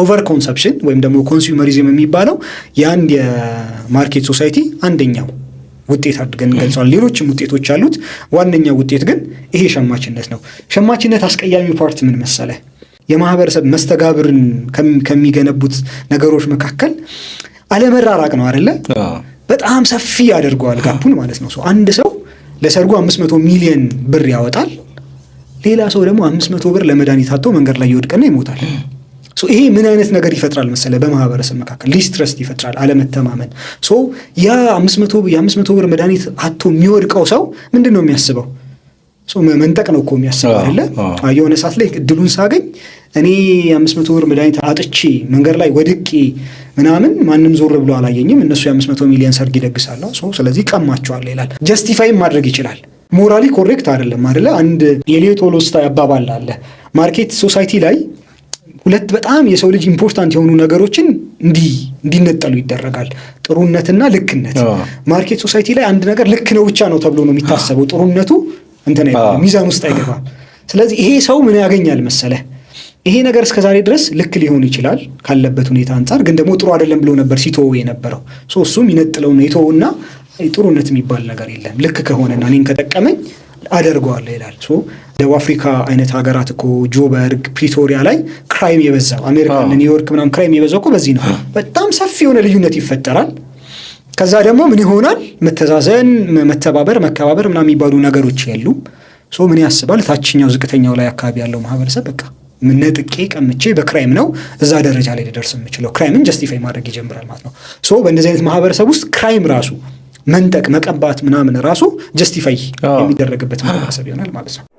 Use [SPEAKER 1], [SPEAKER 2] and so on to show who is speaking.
[SPEAKER 1] ኦቨር ኮንሰፕሽን ወይም ደግሞ ኮንሱመሪዝም የሚባለው የአንድ የማርኬት ሶሳይቲ አንደኛው ውጤት አድርገን ገልጿል። ሌሎችም ውጤቶች አሉት። ዋነኛው ውጤት ግን ይሄ ሸማችነት ነው። ሸማችነት አስቀያሚ ፓርት ምን መሰለ? የማህበረሰብ መስተጋብርን ከሚገነቡት ነገሮች መካከል አለመራራቅ ነው አይደለ? በጣም ሰፊ ያደርገዋል ጋፑን ማለት ነው። አንድ ሰው ለሰርጉ አምስት መቶ ሚሊዮን ብር ያወጣል። ሌላ ሰው ደግሞ አምስት መቶ ብር ለመድኃኒት አጥቶ መንገድ ላይ ይወድቅና ይሞታል። ይሄ ምን አይነት ነገር ይፈጥራል መሰለ በማህበረሰብ መካከል ሊስትረስት ይፈጥራል፣ አለመተማመን። ያ የአምስት መቶ ብር መድኃኒት አቶ የሚወድቀው ሰው ምንድን ነው የሚያስበው? መንጠቅ ነው እኮ የሚያስበው አይደለ? የሆነ ሰዓት ላይ እድሉን ሳገኝ እኔ የአምስት መቶ ብር መድኃኒት አጥቼ መንገድ ላይ ወድቄ ምናምን ማንም ዞር ብሎ አላየኝም፣ እነሱ የአምስት መቶ ሚሊዮን ሰርግ ይደግሳለሁ፣ ስለዚህ ቀማቸዋል ይላል። ጀስቲፋይም ማድረግ ይችላል። ሞራሊ ኮሬክት አይደለም አይደለ? አንድ የሌዮ ቶልስቶይ አባባል አለ ማርኬት ሶሳይቲ ላይ ሁለት በጣም የሰው ልጅ ኢምፖርታንት የሆኑ ነገሮችን እንዲነጠሉ ይደረጋል። ጥሩነትና ልክነት። ማርኬት ሶሳይቲ ላይ አንድ ነገር ልክ ነው ብቻ ነው ተብሎ ነው የሚታሰበው። ጥሩነቱ እንትን ሚዛን ውስጥ አይገባም። ስለዚህ ይሄ ሰው ምን ያገኛል መሰለ ይሄ ነገር እስከዛሬ ድረስ ልክ ሊሆን ይችላል ካለበት ሁኔታ አንጻር፣ ግን ደግሞ ጥሩ አይደለም ብሎ ነበር ሲተወ የነበረው እሱም ይነጥለው ነው የተወውና ጥሩነት የሚባል ነገር የለም ልክ ከሆነና እኔን ከጠቀመኝ አደርገዋለሁ ይላል። ደቡብ አፍሪካ አይነት ሀገራት እኮ ጆበርግ፣ ፕሪቶሪያ ላይ ክራይም የበዛው አሜሪካ፣ ኒውዮርክ ምናምን ክራይም የበዛው እኮ በዚህ ነው። በጣም ሰፊ የሆነ ልዩነት ይፈጠራል። ከዛ ደግሞ ምን ይሆናል? መተዛዘን፣ መተባበር፣ መከባበር ምናምን የሚባሉ ነገሮች የሉም። ምን ያስባል? ታችኛው ዝቅተኛው ላይ አካባቢ ያለው ማህበረሰብ በቃ ነጥቄ ቀምቼ በክራይም ነው እዛ ደረጃ ላይ ልደርስ የምችለው፣ ክራይምን ጀስቲፋይ ማድረግ ይጀምራል ማለት ነው። ሶ በእንደዚህ አይነት ማህበረሰብ ውስጥ ክራይም ራሱ መንጠቅ፣ መቀባት ምናምን ራሱ ጀስቲፋይ የሚደረግበት ማህበረሰብ ይሆናል ማለት ነው።